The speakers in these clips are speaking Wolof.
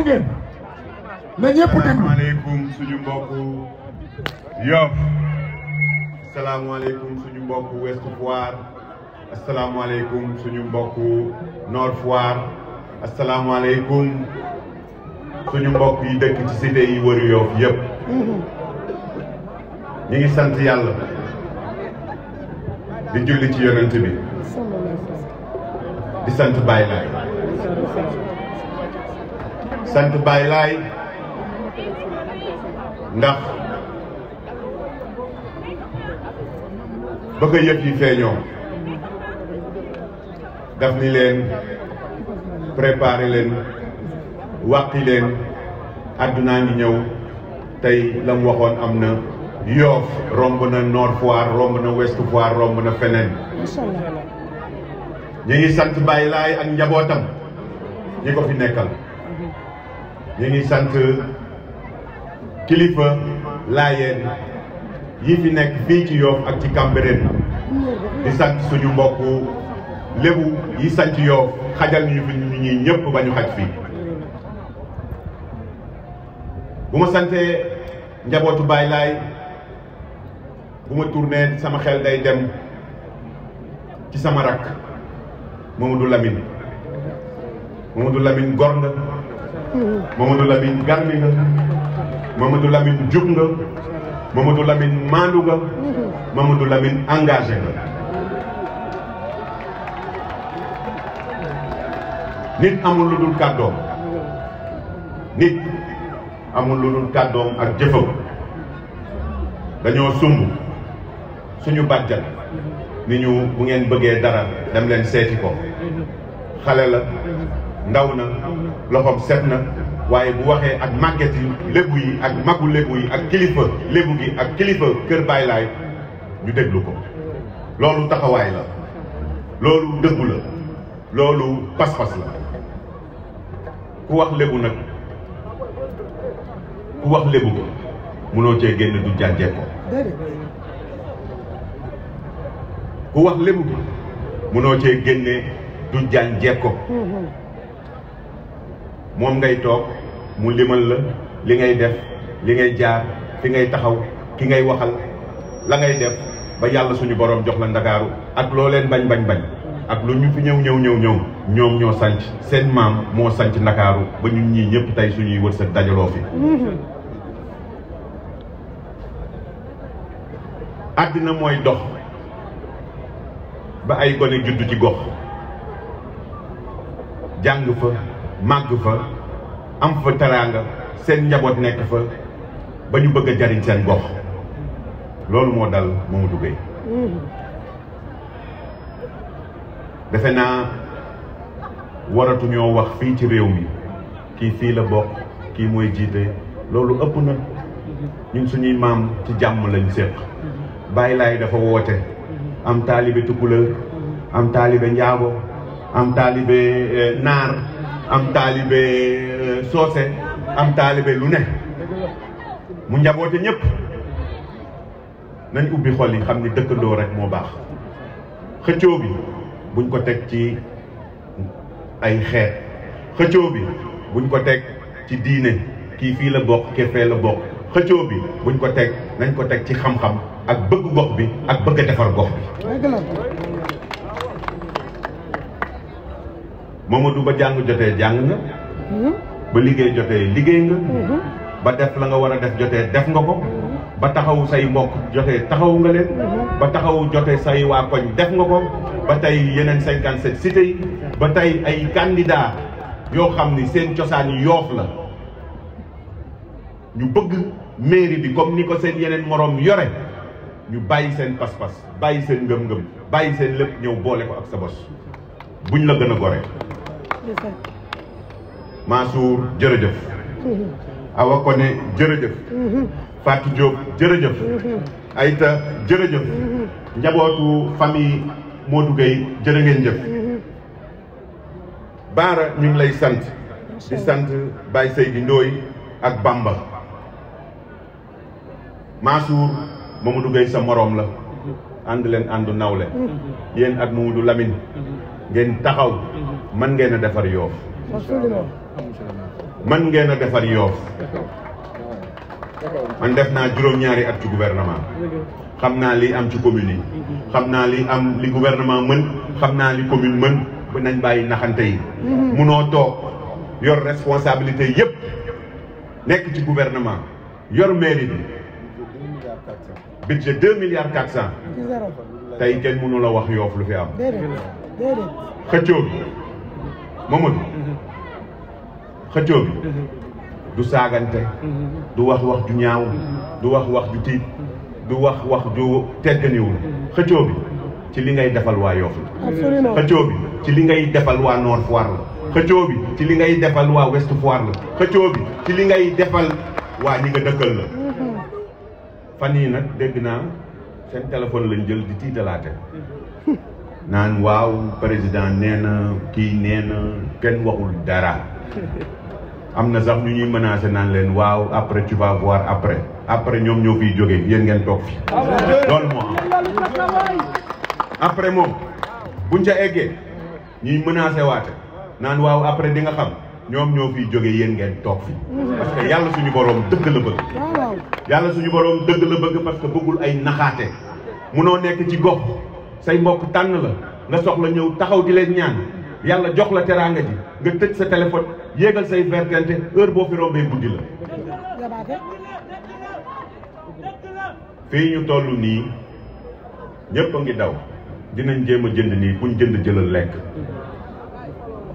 taxaw ngeen na ñëpp déglu salaamaaleykum suñu mbokk Yoff salaamaaleykum suñu mbokk Ouest Foire asalaamaaleykum suñu mbokk Nord Foire asalaamaaleykum suñu mbokk yi dëkk ci cité yi wër Yoff yëpp ñu ngi sant yàlla di julli ci yonent bi di sant Baay Laay sant Baay Laay ndax bëgg a yëf yi feeñoo daf ni leen préparé leen wàqi leen àddunaa ngi ñëw tey la waxoon am na Yoff romb na noor Foire romb na Ouest Foire romb na feneen ñu ngi sant Baay Laay ak njabootam ñi ko fi nekkal ñu ngi sant kilifa laayeen yi fi nekk fii ci Yoff ak ci Cambérène di sant suñu mbokk lébu yi sant Yoff xajal ñu fi ñu ñuy ñëpp ba ñu xaj fii bu ma santee njabootu Baay Laay bu ma tourné sama xel day dem ci sama rakk Mamadou Lamine Mamadou Lamine gor na Mamadou Lamine garmi nga Mamadou Lamine jub nga Mamadou Lamine maandu nga Mamadou Lamine engagé nga nit amul lu dul kàddoom nit amul lu dul kàddoom ak jëfam dañoo sumb suñu bàjjal ni ñu bu ngeen bëggee dara dem seeti ko xale ndaw na loxoom set na waaye bu waxee ak màgget yi lébu yi ak magu lébu yi ak kilifa lébu gi ak kilifa kër Baay Laay ñu déglu ko loolu taxawaay la loolu dëggu la loolu pas-pas la ku wax lébu nag ku wax lébu ko mënoo cee génn du jànjee ku wax lébu ko mënoo cee génne du jànjee ko moom ngay toog mu limal la li ngay def li ngay jaar fi ngay taxaw ki ngay waxal la ngay def ba yàlla suñu boroom jox la ndakaaru ak loo leen bañ bañ bañ ak lu ñu fi ñëw ñëw ñëw ñëw ñoom ñoo sanc seen maam moo sanc ndakaaru ba ñu ñii ñëpp tey suñuy wërsëg dajaloo fi àddina mooy dox ba ay gone juddu ci gox jàng fa màgg fa am fa teraanga seen njaboot nekk fa ba ñu bëgg a jariñ seen gox loolu moo dal Mamadou Gueye defe naa waratuñoo wax fii ci réew mi kii fii la bokk kii mooy jiite loolu ëpp na ñun suñuy maam ci jàmm lañu séq bàyyi laay dafa woote am taalibe tukulër am taalibe njaago am taalibe eh, naar am taalibe euh, soose am taalibe lu ne mu njaboote ñëpp nañ ubbi xol yi xam ni dëkkandoo rek moo baax xëccoo bi buñ ko teg ci ay xeet xëccoo bi buñ ko teg ci diine kii fii la bokk kii la bokk xëccoo bi buñ ko teg nañ ko teg ci xam-xam ak bëgg gox bi ak bëgg defar gox bi du ba jàng jotee jàng nga. Hmm? ba liggéey jotee liggéey nga. Hmm. ba def la nga war a def jotee def nga ko. Hmm. ba taxaw say mbokk jotee taxaw nga leen. ba taxaw jote say waa koñ def nga ko. ba tey yeneen cinquante sept cité yi. ba tey ay candidat yoo xam ni seen cosaan yi yoof la. ñu bëgg mairie bi comme ni ko seen yeneen moroom yore ñu bàyyi seen pas-pas bàyyi seen ngëm-ngëm bàyyi seen lépp ñëw boole ko ak sa bos buñ la gën a gore Mansour jërëjëf. Awa Kone jërëjëf. Fatou Diop jërëjëf. Aïta jërëjëf. njabootu famille Modou Gueye jërë ngeen jëf. ñu ngi lay sant. di sant Baye Seydi Ndoye ak Bamba. Mansour Mamadou Gueye sa moroom la. ànd leen àndu nawle. yéen ak Mamadou Lamine. ngeen taxaw. man ngeen a defar yoof man ngeen a defar yoof man def naa juróom-ñaari at ci gouvernement xam naa li am ci commune yi xam naa li am li gouvernement mën xam naa li commune mën ba nañ bàyyi naxante yi mhm. munoo toog yor responsabilité yépp nekk ci gouvernement yor mairie bi budget deux milliards quatre cent tey kenn mënu la wax yoof lu fi am xëccoo Mamadou mm-hmm. xëccoo bi mm-hmm. du saagante mm-hmm. du wax wax ju ñaaw du wax wax ju tiit du wax wax ju tegganiwul xëccoo bi ci li ngay defal waa Yoff la xëccoo bi ci li ngay defal waa Nord Foire la xëccoo bi ci li ngay defal waa West ci li ngay defal waa ñi nga dëkkal la fan yii nag dégg naa seen téléphone lañ jël di tiitalaate naan waaw président nee na kii nee na kenn waxul dara am na sax ñu ñuy menacé naan leen waaw après tu vas voir après après ñoom ñoo fiy jóge yéen ngeen toog fi loolu moom buñ ca eggee ñuy menacé waate naan waaw après di nga xam ñoom ñoo fiy jóge yéen ngeen toog fi parce que yàlla suñu boroom dëgg la bëgg yàlla suñu boroom dëgg la bëgg parce que bëggul ay naxaate munoo nekk ci gox say mbokk tànn la nga soxla ñëw taxaw di leen ñaan yàlla jox la teraanga ji nga tëj sa téléphone yéegal say vertente heure boo fi rombee guddi la fii ñu toll nii ñëpp a ngi daw dinañ jéem a jënd nii buñ jënd jëlal lekk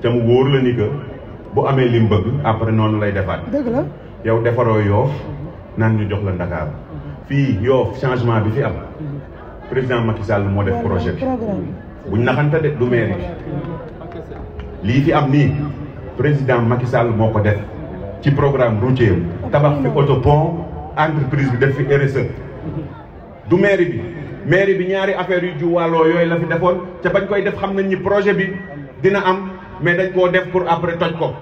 te mu wóor la ni que bu amee li bëgg après noonu lay defaat yow defaroo yoof naan ñu jox la Ndakaaru fii yoof changement bi fi am président Macky Sall moo def projet bi bu naxante de du maire bi lii fi am nii président Macky Sall moo ko def ci programme routier tabax fi autopont entreprise bi def fi RSE du mairie bi mairie bi ñaari affaires yu juwaaloo yooyu la fi defoon te bañ koy def xam nañ ni projet bi dina am mais dañ koo def pour après toj ko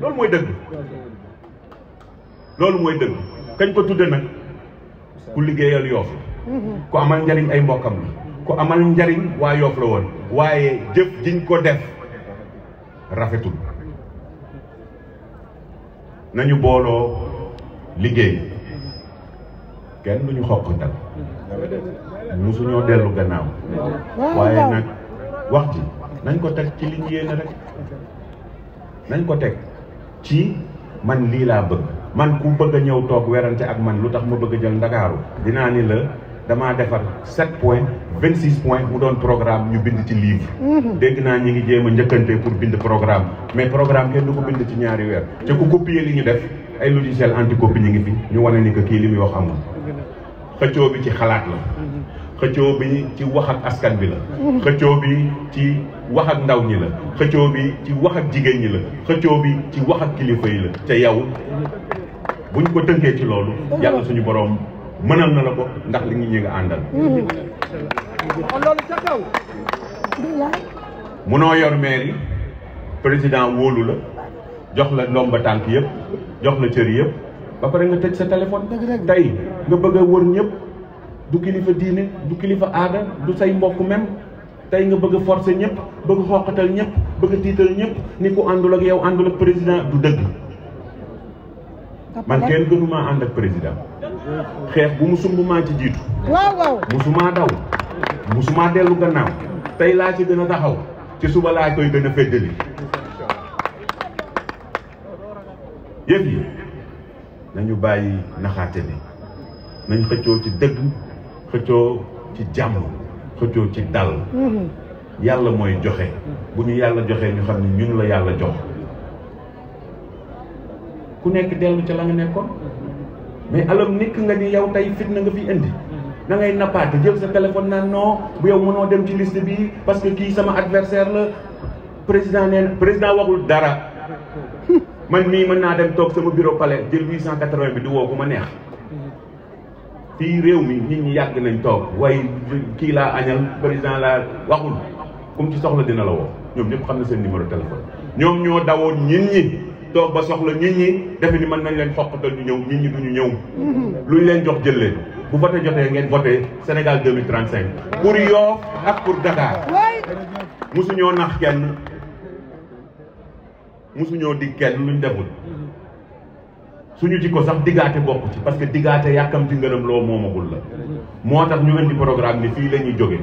loolu mooy dëgg loolu mooy dëgg kañ ko tudde nag ku liggéeyal Yoff ku amal njariñ ay mbokkam bi ku amal njariñ waa Yoof la woon waaye jëf jiñ ko def rafetul nañu booloo liggéey kenn duñu xoqantal musuñoo dellu gannaaw waaye nag wax ji nañ ko teg ci li ñu rek nañ ko teg ci man lii laa bëgg man ku bëgg a ñëw toog werante ak man lu tax ma bëgg a jël ndakaaru dinaa ni la damaa defar sept points vingt six points mu doon programme ñu bind ci livre. Mhm. dégg naa ñi ngi jéem a njëkkante pour bind programme mais programme kenn du ko bind ci ñaari weer. te ku copier li ñu def ay logiciel anticopie ñu ngi fi ñu wane ni que kii li muy wax amul. xëccoo bi ci xalaat la. xëccoo bi ci wax ak askan bi la. Mhm. xëccoo bi ci wax ak ndaw ñi la. xëccoo bi ci wax ak jigéen ñi la. xëccoo bi ci wax ak kilifa yi la. te yow buñ ko tënkee ci loolu. yàlla suñu borom. mënal na la ko ndax li ngi ñi nga àndal munoo yor mairie président wóolu la jox la ndomba tànk yëpp jox la cër yëpp ba pare nga tëj sa téléphone tey nga bëgg a wër ñëpp du kilifa diine du kilifa aada du say mbokk même tey nga bëgg a ñëpp bëgg xoqatal ñëpp bëgg a tiital ñëpp ni ku àndul ak yow àndul ak président du dëgg man kenn gënumaa ànd ak président xeex bu mu sumb maa ci jiitu. waaw waaw musumaa daw. musumaa dellu gannaaw. tey laa ci gën taxaw. ci suba laa koy gën a yëf yi nañu bàyyi naxaate ni nañ xëccoo ci dëgg xëccoo ci jàmm xëccoo ci dal yàlla mooy joxe bu ñu yàlla joxee ñu xam ne ñun la yàlla jox ku nekk dellu ca la nga nekkoon mais alam nekk nga ni yow tey fitna nga fi indi. Mm-hmm. da ngay nappaate jël sa téléphone naan non bu yow mënoo dem ci liste bi parce que kii sama adversaire la président nee président waxul dara man mii mën naa dem toog sama bureau palais jël 880 bi di woo ku ma neex. Mm-hmm. fii réew mi nit ñi yàgg nañ toog waaye kii laa añal président laa waxul comme ci soxla dina la woo ñoom ñëpp xam na seen numéro téléphone ñoom ñoo dawoon ñin ñi. toog ba soxla nit ñi defe ni mën nañ leen xoqatal ñu ñëw nit ñi duñu ñëw mhm. luñ leen jox jële bu voté joxee ngeen voté Sénégal 2035 pour Yoff ak pour Dakar musuñoo nax kenn musuñoo dig kenn luñ deful suñu jikko sax diggaate bokk ci parce que diggaate yàkkamti ngërëm loo moomagul la moo tax ñu indi programme ni fii lañuy ñuy jóge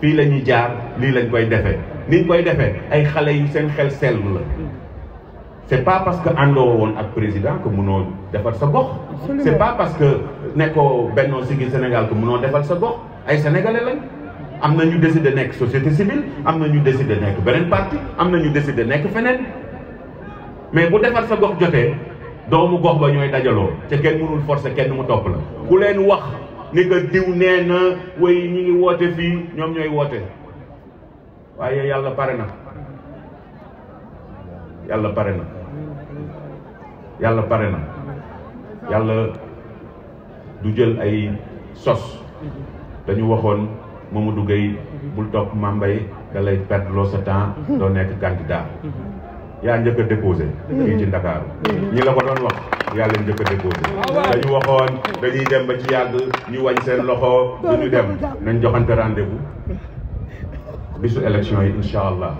fii la ñuy jaar lii lañ koy defee niñ koy defee ay xale yu seen xel sell la c'est pas parce que àndoo woon ak président que mënoo defar sa gox. c'est pas parce que nekkoo Benno Siggil Sénégal que mënoo defar sa gox ay sénégalais lañ. am na ñu décidé nekk société civile am na ñu décidé nekk beneen parti am na ñu décidé nekk feneen mais bu defar sa gox jotee doomu gox ba ñooy dajaloo te kenn mënul forcer kenn mu topp la. ku leen wax ni que diw nee na way ñi ngi woote fii ñoom ñooy woote waaye yàlla pare na. yàlla pare na yàlla pare na yàlla du jël ay sos dañu waxoon Mamadou Gueye bul topp Mambay da lay perdloo sa temps doo nekk candidat yaa njëkk a déposé fii ci Ndakaaru ñi la ko doon wax yaa leen njëkk a déposé dañu waxoon dañuy dem ba ci yàgg ñu wañ seen loxo duñu dem nañ joxante rendez-vous bisu élection yi incha allah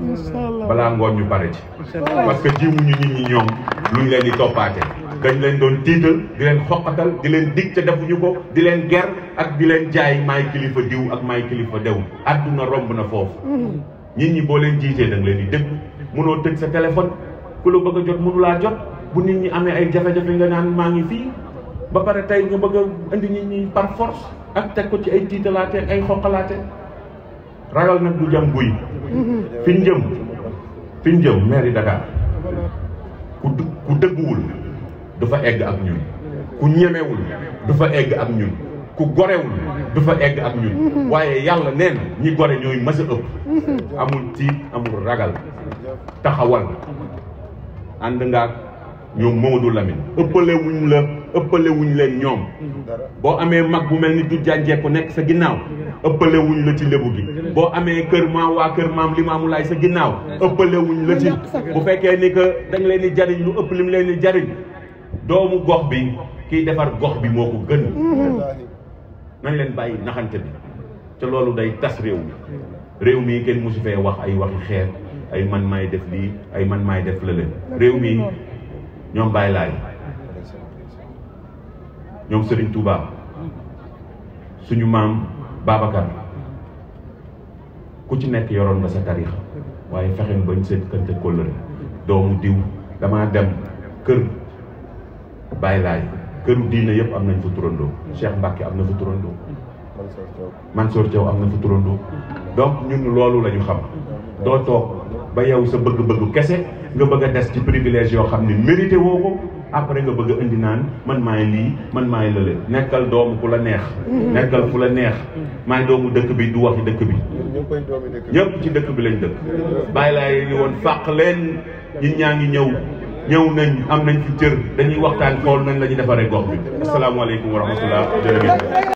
balaa ngoon ñu pare ci parce que jimuñu nit ñi ñoom luñ leen di toppaate dañ leen doon tiital di leen xoqatal di leen dig te defuñu ko di leen ger ak di leen jaay maay kilifa diw ak maay kilifa dew àdduna romb na foofu mm-hmm. nit ñi boo leen jiitee da nga leen di dégg mënoo tëj sa téléphone ku la bëgg a jot laa jot bu nit ñi amee ay jafe-jafe nga naan maa ngi fii ba pare tey nga bëgg a indi nit ñi par force ak teg ko ci ay tiitalaate ay ragal nag du jam guy fi ñu jëm fi ñu jëm mairie Dakar ku dëgguwul du fa egg ak ñun ku ñemewul du fa egg ak ñun ku gorewul du fa egg ab ñun waaye yàlla nee ñi gore ñooy mës a ëpp amul tiit amul ragal taxawal ànd ngaak ñoom Mamadou Lamine ëppale la ëppale wuñ leen ñoom boo amee mag bu mel ni du jànjeeku nekk sa ginnaaw ëppale la ci lébu bi boo amee kër maam waa kër maam Limaamu Laay sa ginnaaw ëppale wuñ la ci bu fekkee ni que dañ leen di jariñ lu ëpp lim leen di jariñ doomu gox bi kiy defar gox bi moo ko gën nañ leen bàyyi naxante bi te loolu day tas réew mi réew mi kenn mosu fee wax ay waxi xeer ay man maay def lii ay man maay def la leen réew mi ñoom bàyyi laay ñoom Serigne tubaab suñu maam Babacar ku ci nekk yoroon nga sa tariixa waaye fexe bañ seen kante kóllëre doomu diw damaa dem kër Baye kër këru diine yëpp am nañ fa turandoo Cheikh Mbacke am na fa turandoo Mansour Thiaw am na fa turandoo donc ñun loolu la xam doo toog ba yow sa bëgg-bëggu kese nga bëgg des ci privilège yoo xam ne mérité woo ko après nga bëgg indi naan man maay lii man maay lële nekkal doomu ku la neex. nekkal fu la neex. maay doomu dëkk bi du waxi dëkk bi. ñëpp ci dëkk bi lañ dëkk. bàyyi laa woon fàq leen ñun ñaa ngi ñëw. ñëw nañ am nañ fi cër dañuy waxtaan xool nañ la ñu defaree gox bi asalaamaaleykum wa rahmatulah jërëjëf.